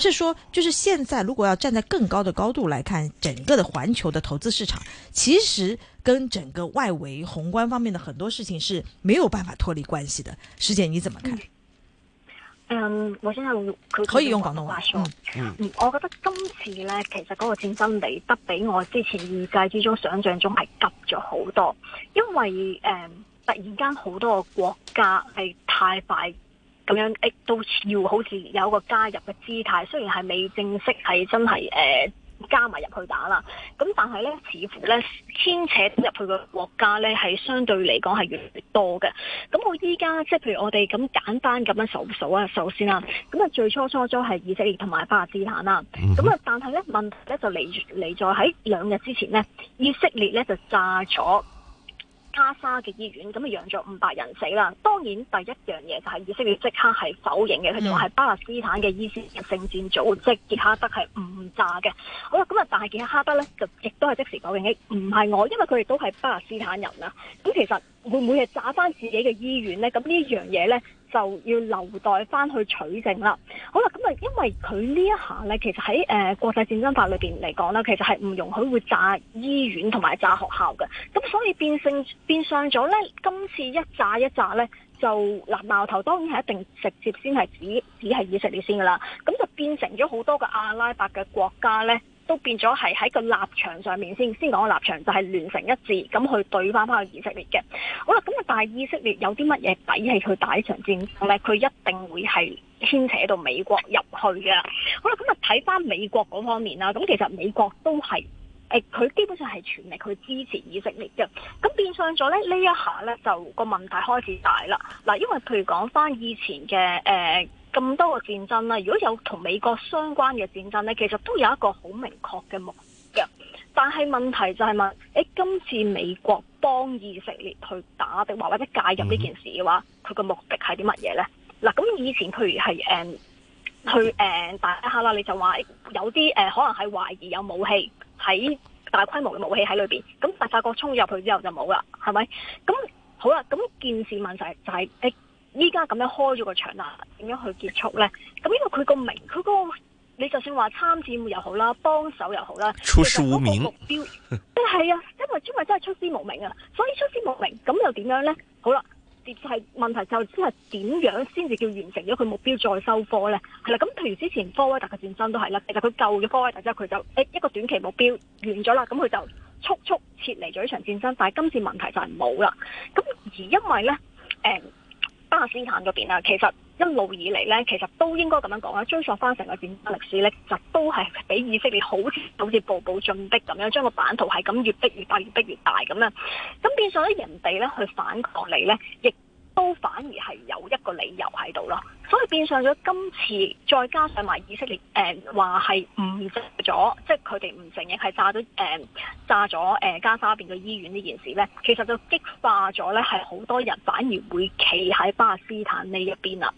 是說，就是現在，如果要站在更高的高度來看整個的環球的投資市場，其實跟整個外圍宏觀方面的很多事情是沒有辦法脱離關係的。師姐，你怎麼看？嗯，嗯，我現在可，可以用廣東話說？嗯，我覺得今次呢，其實嗰個戰爭嚟得比我之前預計之中，想象中係急咗好多，因為誒，突然間好多個國家係太快。咁樣誒都要好似有個加入嘅姿態，雖然係未正式係真係誒、呃、加埋入去打啦。咁但係咧，似乎咧牽扯入去嘅國家咧係相對嚟講係越嚟越多嘅。咁我依家即係譬如我哋咁簡單咁樣數數啊，首先啊，咁啊最初初初係以色列同埋巴勒斯坦啦。咁啊，但係咧問題咧就嚟嚟咗喺兩日之前咧，以色列咧就炸咗。加沙嘅醫院咁啊，養咗五百人死啦。當然第一樣嘢就係以色列即刻係否認嘅，佢就話係巴勒斯坦嘅伊斯蘭聖戰組織傑哈德係誤炸嘅。好啦，咁啊，但係傑哈德咧就亦都係即時否認，唔係我，因為佢哋都係巴勒斯坦人啦。咁其實會唔會係炸翻自己嘅醫院咧？咁呢樣嘢咧，就要留待翻去取證啦。好啦，咁啊，因為佢呢一下呢，其實喺誒、呃、國際戰爭法裏面嚟講啦，其實係唔容許會炸醫院同埋炸學校嘅。咁所以變性變相咗呢，今次一炸一炸呢，就嗱矛頭當然係一定直接只先係指只係以色列先噶啦。咁就變成咗好多個阿拉伯嘅國家呢。都變咗係喺個立場上面，先先講個立場，就係聯成一致咁去對翻翻去以色列嘅。好啦，咁啊，但係以色列有啲乜嘢底氣佢打呢場戰爭咧？佢一定會係牽扯到美國入去嘅。好啦，咁啊，睇翻美國嗰方面啦。咁其實美國都係誒，佢基本上係全力去支持以色列嘅。咁變相咗咧，呢一下咧就個問題開始大啦。嗱，因為譬如講翻以前嘅誒咁多個戰爭呢，如果有同美國相關嘅戰爭呢，其實都有一個好明確嘅目標。但係問題就係問、欸：今次美國幫以色列去打定話，或者介入呢件事嘅話，佢嘅目的係啲乜嘢呢？嗱，咁以前譬如係誒、呃、去誒打一下啦，你就話有啲、呃、可能係懷疑有武器喺大規模嘅武器喺裏邊。咁但法國衝入去之後就冇啦，係咪？咁好啦、啊，咁件事問題就係就係依家咁樣開咗個場啦，點樣去結束呢？咁因為佢個名，佢、那個你就算話參戰又好啦，幫手又好啦，出師無名目標，係、就、啊、是，因為因為真係出師無名啊，所以出師無名咁又點樣呢？好啦，跌係問題就係點樣先至叫完成咗佢目標再收科呢？係啦，咁譬如之前科威特嘅戰爭都係啦，其實佢救咗科威特之後，佢就一個短期目標完咗啦，咁佢就速速撤離咗呢場戰爭。但係今次問題就係冇啦，咁而因為呢。誒、欸。巴勒斯坦嗰邊啊，其實一路以嚟呢，其實都應該咁樣講啦。追溯翻成個戰爭的歷史呢，就都係俾以色列好似步步進逼咁樣，將個版圖係咁越逼越大，越逼越大咁樣，咁變相咧，人哋呢去反抗你呢，亦都反而係有一個理由喺度咯，所以變相咗今次，再加上埋以色列誒話係唔認咗，即係佢哋唔承認係炸咗誒、呃、炸咗誒、呃、加沙邊個醫院呢件事咧，其實就激化咗咧，係好多人反而會企喺巴勒斯坦呢一邊啦。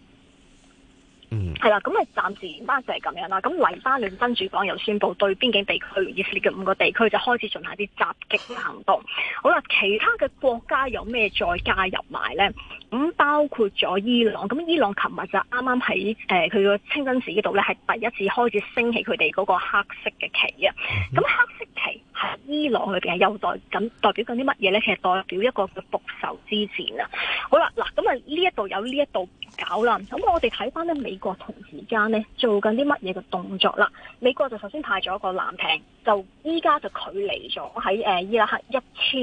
係啦，咁暫時而家就係咁樣啦。咁黎巴嫩真主黨又宣布對邊境地區以色列嘅五個地區就開始進行啲襲擊行動。好啦，其他嘅國家有咩再加入埋咧？咁包括咗伊朗。咁伊朗琴日就啱啱喺誒佢個清真寺嗰度咧，係第一次開始升起佢哋嗰個黑色嘅旗啊。咁、嗯、黑色旗。伊朗裏邊係有代咁代表緊啲乜嘢呢？其實代表一個叫復仇之戰啊！好啦，嗱咁啊，呢一度有呢一度搞啦。咁我哋睇翻，呢美國同時間呢，做緊啲乜嘢嘅動作啦？美國就首先派咗個艦艇，就依家就距離咗喺誒伊拉克一千，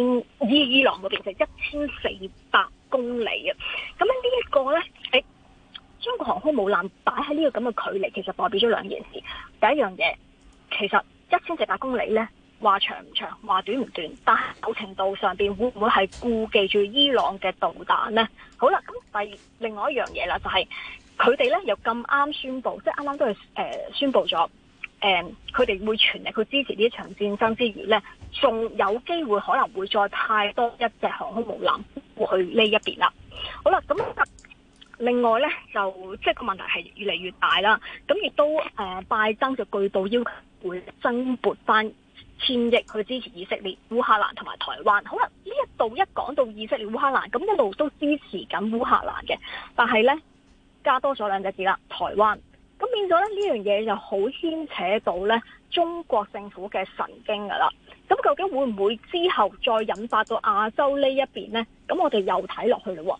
伊伊朗嗰邊就一千四百公里啊！咁呢一個呢，喺中國航空母艦擺喺呢個咁嘅距離，其實代表咗兩件事。第一樣嘢，其實一千四百公里呢。話長唔長，話短唔短，但係某程度上邊會唔會係顧忌住伊朗嘅導彈呢？好啦，咁第二另外一樣嘢啦，就係佢哋呢又咁啱宣佈，即係啱啱都係、呃、宣佈咗，佢、呃、哋會全力去支持呢場戰爭之餘呢，仲有機會可能會再派多一隻航空母艦過去呢一邊啦。好啦，咁另外呢，就即係個問題係越嚟越大啦，咁亦都誒、呃、拜登就據到要求增撥翻。千億去支持以色列、烏克蘭同埋台灣，好啦，呢一度一講到以色列、烏克蘭，咁一路都支持緊烏克蘭嘅，但係呢，加多咗兩隻字啦，台灣。咁變咗咧，呢樣嘢就好牽扯到咧中國政府嘅神經㗎啦。咁究竟會唔會之後再引發到亞洲呢一邊呢？咁我哋又睇落去喇喎。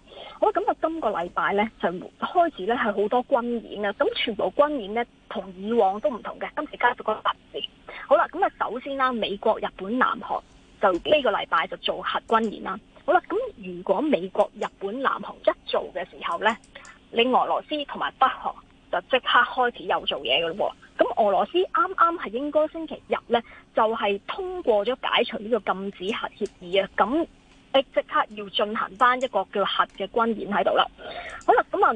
好咁啊，今個禮拜呢，就開始呢係好多軍演啦。咁全部軍演呢，同以往都唔同嘅，今次加咗個核字。好啦，咁啊，首先啦、啊，美國日本南韓就呢個禮拜就做核軍演啦。好啦，咁如果美國日本南韓一做嘅時候呢，你俄羅斯同埋北韓，就即刻開始又做嘢嘅咯喎，咁俄羅斯啱啱係應該星期日呢，就係、是、通過咗解除呢個禁止核協議啊，咁誒即刻要進行翻一個叫核嘅軍演喺度啦，好啦，咁啊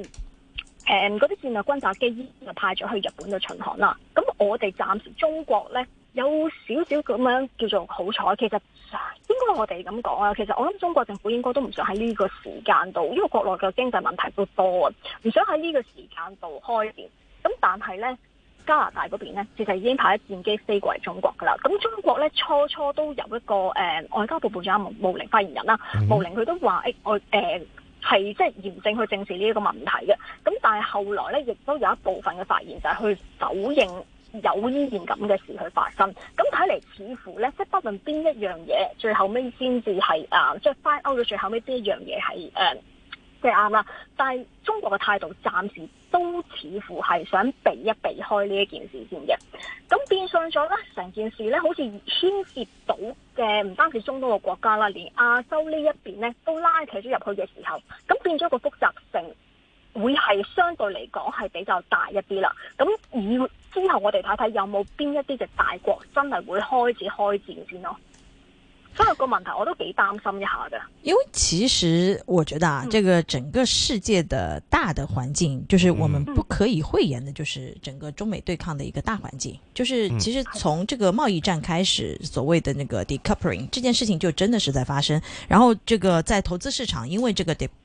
誒嗰啲戰略轟炸機就派咗去日本嘅巡航啦，咁我哋暫時中國呢。有少少咁樣叫做好彩，其實應該我哋咁講啊，其實我諗中國政府應該都唔想喺呢個時間度，因為國內嘅經濟問題都多啊，唔想喺呢個時間度開戰。咁但係呢，加拿大嗰邊呢，其實已經派咗戰機飛過嚟中國噶啦。咁中國呢，初初都有一個誒、呃、外交部部長毛寧發言人啦，嗯、毛寧佢都話誒、欸、我係即係嚴正去正視呢一個問題嘅。咁但係後來呢，亦都有一部分嘅發言就係去否認。有呢件咁嘅事去發生，咁睇嚟似乎呢，即係不論邊一樣嘢，最後尾先至係啊，即係 find out 咗最後尾邊一樣嘢係誒，即係啱啦。但係中國嘅態度暫時都似乎係想避一避開呢一件事先嘅。咁變相咗呢成件事呢，好似牽涉到嘅唔單止中東嘅國家啦，連亞洲呢一邊呢，都拉扯咗入去嘅時候，咁變咗個複雜性。會係相對嚟講係比較大一啲啦，咁以之後我哋睇睇有冇邊一啲嘅大國真係會開始開戰先咯。所以個問題我都幾擔心一下㗎。因為其實我覺得啊，嗯、這個整個世界的大的環境，就是我們不可以諱言的，就是整個中美對抗的一個大環境。就是其實從這個貿易戰開始，所謂的那個 decoupling，這件事情就真的是在發生。然後這個在投資市場，因為這個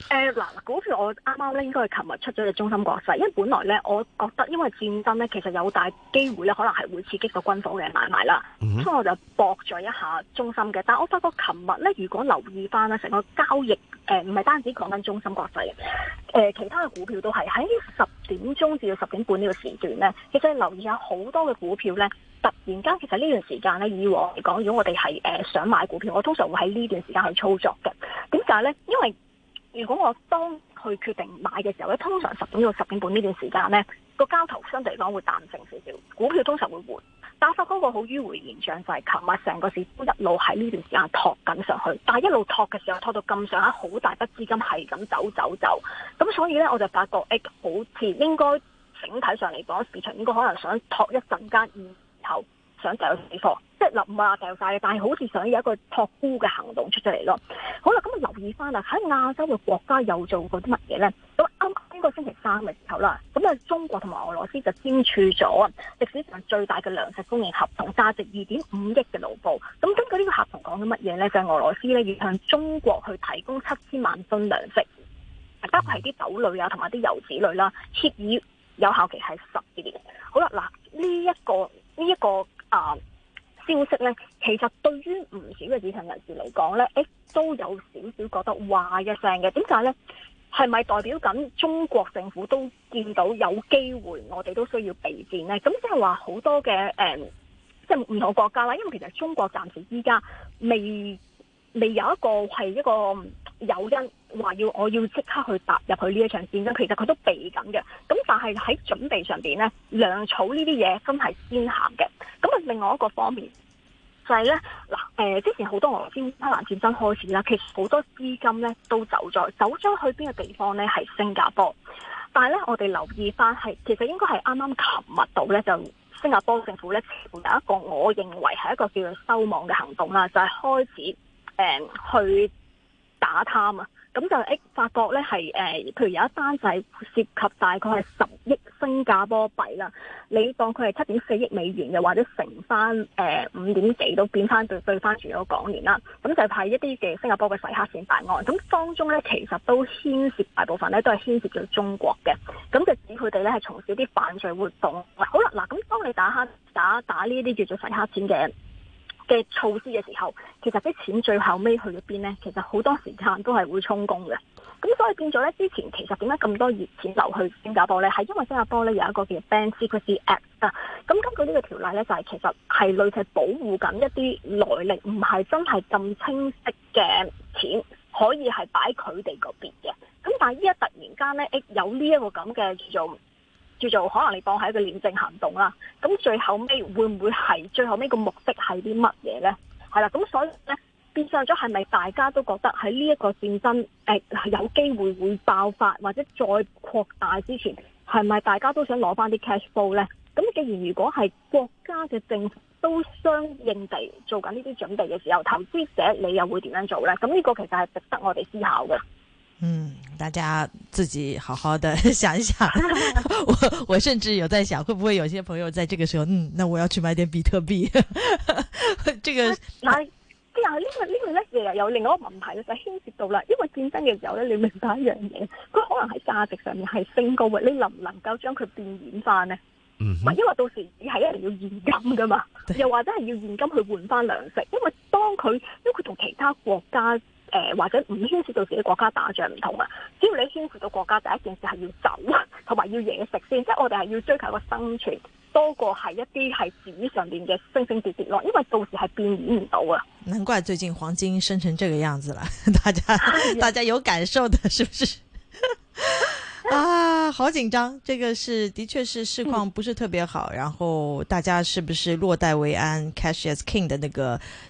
誒，嗱、uh，huh. 股票我啱啱咧，應該係琴日出咗隻中心國際，因為本來咧，我覺得因為戰爭咧，其實有大機會咧，可能係會刺激到軍火嘅買賣啦，uh huh. 所以我就搏咗一下中心嘅。但係我發覺琴日咧，如果留意翻咧，成個交易誒，唔、呃、係單止講緊中心國際，誒、呃，其他嘅股票都係喺十點鐘至到十點半呢個時段咧，其實留意下好多嘅股票咧，突然間其實呢段時間咧，以往嚟講，如果我哋係誒想買股票，我通常會喺呢段時間去操作嘅。點解咧？因為如果我當佢決定買嘅時候咧，通常十點到十點半呢段時間呢個交投相對嚟講會淡靜少少，股票通常會緩。但發嗰個好迂迴現象就係，琴日成個市都一路喺呢段時間托緊上去，但係一路托嘅時候，托到咁上下好大筆資金係咁走走走，咁所以呢，我就發覺，誒、欸、好似應該整體上嚟講，市場應該可能想托一陣間，然後想走死貨。即係冇唔掉晒嘅，但係好似想有一個托孤嘅行動出咗嚟咯。好啦，咁啊，留意翻啦，喺亞洲嘅國家又做過啲乜嘢呢？咁啱，呢個星期三嘅時候啦，咁啊，中國同埋俄羅斯就簽署咗歷史上最大嘅糧食供應合同，價值二點五億嘅盧布。咁根據呢個合同講緊乜嘢呢？就係、是、俄羅斯呢要向中國去提供七千萬噸糧食，包括係啲豆類啊，同埋啲油籽類啦。協議有效期係十年。好啦，嗱呢一個呢一個啊，呃消息呢，其實對於唔少嘅市場人士嚟講呢，誒、欸、都有少少覺得嘩一聲嘅。點解呢？係咪代表緊中國政府都見到有機會，我哋都需要備戰呢？咁即係話好多嘅誒，即係唔同嘅國家啦。因為其實中國暫時依家未未有一個係一個。有人話要我要即刻去踏入去呢一場戰爭，其實佢都避緊嘅。咁但係喺準備上面呢，糧草呢啲嘢真係先行嘅。咁啊，另外一個方面就係、是、呢，嗱，呃，之前好多俄羅斯烏克蘭戰爭開始啦，其實好多資金呢都走咗，走咗去邊個地方呢？係新加坡。但係呢，我哋留意返係其實應該係啱啱琴日到呢，就新加坡政府呢有一個，我認為係一個叫做收網嘅行動啦，就係、是、開始、嗯、去。打貪啊！咁就發覺咧，係、欸、誒、呃，譬如有一單就係涉及大概係十億新加坡幣啦，你當佢係七點四億美元又或者乘翻誒五點幾都變翻對對翻住港元啦。咁就係一啲嘅新加坡嘅洗黑錢大案，咁當中咧其實都牽涉大部分咧都係牽涉咗中國嘅，咁就指佢哋咧係從事啲犯罪活動。好啦，嗱，咁當你打黑打打呢啲叫做洗黑錢嘅。嘅措施嘅時候，其實啲錢最後尾去咗邊呢？其實好多時間都係會充公嘅。咁所以變咗呢，之前其實點解咁多熱錢流去新加坡呢？係因為新加坡呢有一個叫 Bank Secrecy Act 啊。咁根據呢個條例呢，就係、是、其實係類似保護緊一啲來歷唔係真係咁清晰嘅錢，可以係擺佢哋嗰邊嘅。咁但係依家突然間呢，有呢一個咁嘅叫做。叫做可能你當係一個廉政行動啦，咁最後尾會唔會係最後尾個目的係啲乜嘢呢？係啦，咁所以咧，變相咗係咪大家都覺得喺呢一個戰爭誒、呃，有機會會爆發或者再擴大之前，係咪大家都想攞翻啲 cash flow 呢？咁既然如果係國家嘅政府都相應地做緊呢啲準備嘅時候，投資者你又會點樣做呢？咁呢個其實係值得我哋思考嘅。嗯，大家自己好好的想一想。我我甚至有在想，會不會有些朋友在這個時候，嗯，那我要去買點比特幣。呵呵這個那，這個這個這個、呢個呢個呢又有另外一個問題就嘢、是、牽涉到啦。因為戰爭嘅時候你明白一樣嘢，佢可能喺價值上面係升高，你能唔能夠將佢變現翻呢？嗯哼。因為到時你係一定要現金噶嘛，對又或者係要現金去換翻糧食，因為當佢，因為佢同其他國家。誒，或者唔牽涉到自己的國家打仗唔同啊，只要你牽涉到國家，第一件事係要走，同埋要嘢食先，即係我哋係要追求個生存，多過係一啲係紙上面嘅升升跌跌咯，因為到時係變現唔到啊。難怪最近黃金升成這個樣子啦，大家大家有感受的，是不是？啊，好緊張，這個是的確是市況不是特別好，嗯、然後大家是不是落袋為安 ？Cash is king 的那個。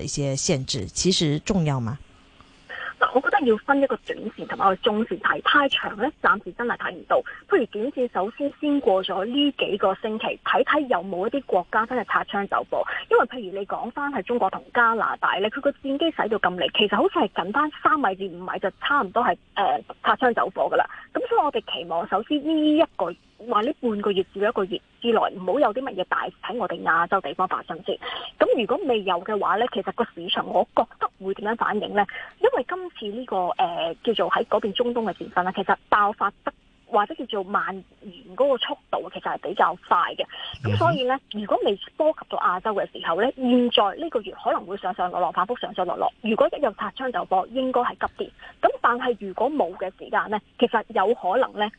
一些限制其實重要嗎？我覺得要分一個短線和視同埋我中線睇太長咧，暫時真係睇唔到。不如短線，首先先過咗呢幾個星期，睇睇有冇一啲國家真係擦槍走火。因為譬如你講翻係中國同加拿大咧，佢個戰機使到咁嚟，其實好似係近翻三米至五米，就差唔多係誒擦槍走火噶啦。咁所以我哋期望首先呢、這、一個，話呢半個月至一個月之內唔好有啲乜嘢大事喺我哋亞洲地方發生先。咁如果未有嘅話呢，其實個市場我覺得會點樣反應呢？因為今次呢、呢個、呃、叫做喺嗰邊中東嘅戰爭其實爆發得或者叫做蔓延嗰個速度其實係比較快嘅。咁所以呢，如果未波及到亞洲嘅時候呢，現在呢個月可能會上上落落，反覆上上落落。如果一有發槍就播，應該係急跌。咁但係如果冇嘅時間呢，其實有可能呢。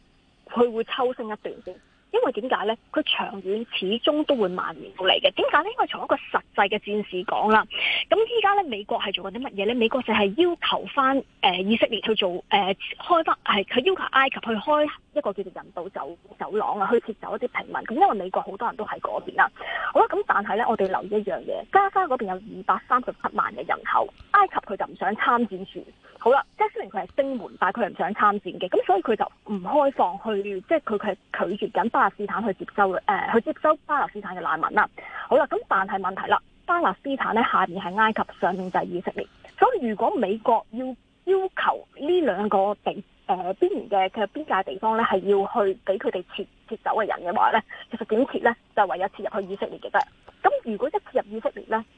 佢會抽升一段先，因為點解呢？佢長遠始終都會蔓延落嚟嘅。點解呢？因為從一個實際嘅戰事講啦，咁依家呢，美國係做緊啲乜嘢呢？美國就係要求翻誒、呃、以色列去做誒、呃、開翻，係、呃、佢要求埃及去開一個叫做人道走走廊啊，去撤走一啲平民。咁因為美國好多人都喺嗰邊啦。好啦，咁但係呢，我哋留意一樣嘢，加沙嗰邊有二百三十七萬嘅人口，埃及佢就唔想參戰住。好啦，即係雖然佢係聲援，但係佢係唔想參戰嘅，咁所以佢就唔開放去，即係佢佢係拒絕緊巴勒斯坦去接收誒、呃，去接收巴勒斯坦嘅難民啦。好啦，咁但係問題啦，巴勒斯坦咧下面係埃及，上面就係以色列，所以如果美國要要求呢兩個地誒邊緣嘅嘅邊界地方咧，係要去俾佢哋撤撤走嘅人嘅話咧，其實點撤咧就係就係、唯有撤入去以色列嘅啫。咁如果一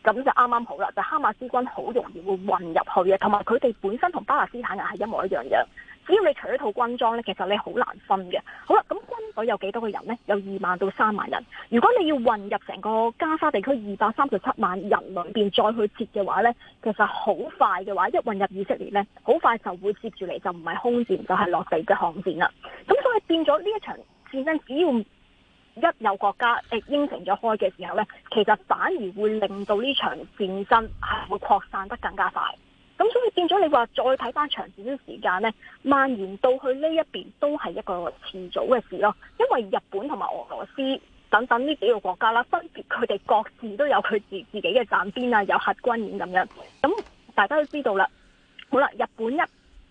咁就啱啱好啦，就是、哈馬斯軍好容易會混入去嘅，同埋佢哋本身同巴勒斯坦人係一模一樣嘅。只要你除咗套軍裝呢，其實你好難分嘅。好啦，咁軍隊有幾多個人呢？有二萬到三萬人。如果你要混入成個加沙地區二百三十七萬人裏面再去接嘅話呢，其實好快嘅話，一混入以色列呢，好快就會接住嚟，就唔係空戰，就係、是、落地嘅巷戰啦。咁所以變咗呢一場戰爭只要……一有國家誒應承咗開嘅時候呢，其實反而會令到呢場戰爭係會擴散得更加快。咁所以變咗你話再睇翻長時啲時間呢，蔓延到去呢一邊都係一個遲早嘅事咯。因為日本同埋俄羅斯等等呢幾個國家啦，分別佢哋各自都有佢自自己嘅站邊啊，有核軍演咁樣。咁大家都知道啦，好啦，日本一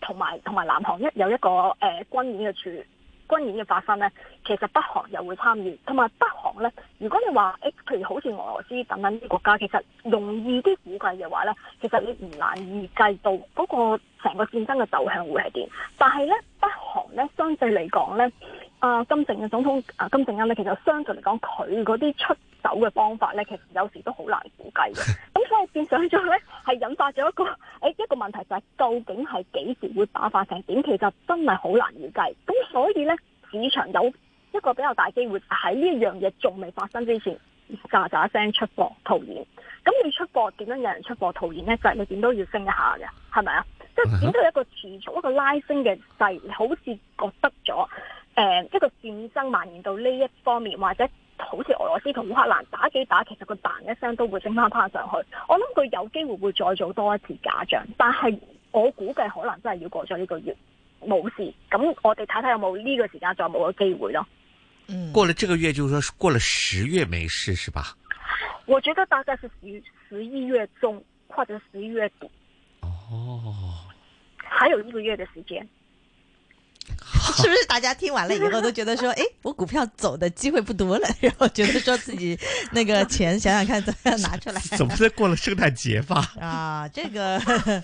同埋同埋南韓一有一個誒、呃、軍演嘅處。軍演嘅發生呢，其實北韓又會參與，同埋北韓呢，如果你話誒，譬如好似俄羅斯等等啲國家，其實容易啲估計嘅話呢，其實你唔難預計到嗰個成個戰爭嘅走向會係點。但係呢，北韓呢，相對嚟講呢，啊金正恩總統啊金正恩呢，其實相對嚟講佢嗰啲出手嘅方法呢，其實有時都好難估計嘅。即係變相咗咧，係引發咗一個誒、欸、一個問題，就係究竟係幾時會打發成點？其實真係好難預計。咁所以咧，市場有一個比較大機會喺呢樣嘢仲未發生之前，喳喳聲出貨套現，咁你出貨，點樣有人出貨套現咧？就係、是、你點都要升一下嘅，係咪啊？Uh huh. 即係點都一個持續一個拉升嘅勢，好似覺得咗誒、呃、一個戰爭蔓，蔓延到呢一方面，或者。好似俄羅斯同烏克蘭打幾打，其實佢彈一聲都會升返返上去。我諗佢有機會會再做多一次假象，但係我估計可能真係要過咗呢個月冇事。咁我哋睇睇有冇呢個時間再冇個機會咯。過了這個月就說過了十月沒事是吧？我覺得大概是十十一月中或者十一月底。哦，還有一個月的時間。好是不是大家聽完了以後都覺得說，哎，我股票走的機會不多了，然後覺得說自己那個錢想想看怎樣拿出來？總是 過了聖誕節吧？啊，這個呵呵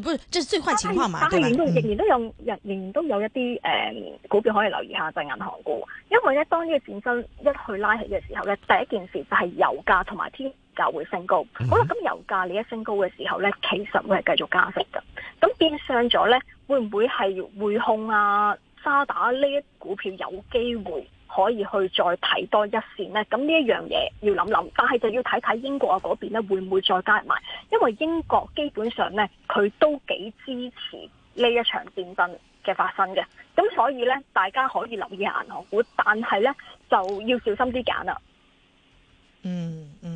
不是這是最壞情況嘛？是對吧？但係仍然都有仍然都有一啲誒、嗯、股票可以留意一下，就係、銀行股。因為咧，當呢個戰爭一去拉起嘅時候咧，第一件事就係油價同埋天價會升高。嗯、好啦，咁油價你一升高嘅時候咧，其實會係繼續加息噶。咁變相咗咧。會唔會係匯控啊、渣打呢一股票有機會可以去再睇多一線呢？咁呢一樣嘢，要諗諗，但係就要睇睇英國嗰邊呢，會唔會再加埋？因為英國基本上呢，佢都幾支持呢一場戰爭嘅發生嘅，咁所以呢，大家可以留意下銀行股，但係呢，就要小心啲揀啦。嗯嗯。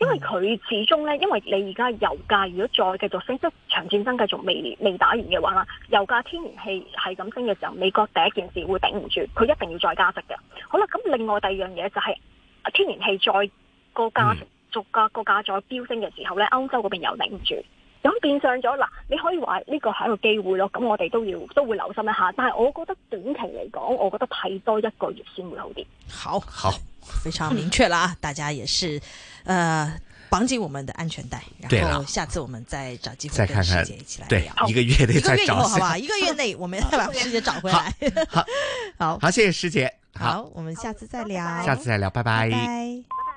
因為佢始終呢，因為你而家油價如果再繼續升，即係長戰爭繼續未未打完嘅話啦，油價、天然氣係咁升嘅時候，美國第一件事會頂唔住，佢一定要再加息嘅。好啦，咁另外第二樣嘢就係、是、天然氣再個價逐個個價再飆升嘅時候呢，歐洲嗰邊又頂唔住。咁變相咗嗱，你可以話呢個係一個機會咯。咁我哋都要都會留心一下，但係我覺得短期嚟講，我覺得睇多一個月先會好啲。好好，非常明確啦！大家也是，呃，綁緊我們的安全帶。然後下次我們再找機會一起來、啊、再看看師姐，對，一個月內再找，好不好？一個月內，我們再把師姐找回來。好好好，好，謝謝師姐。好，好好我們下次再聊，拜拜下次再聊，拜拜。拜拜。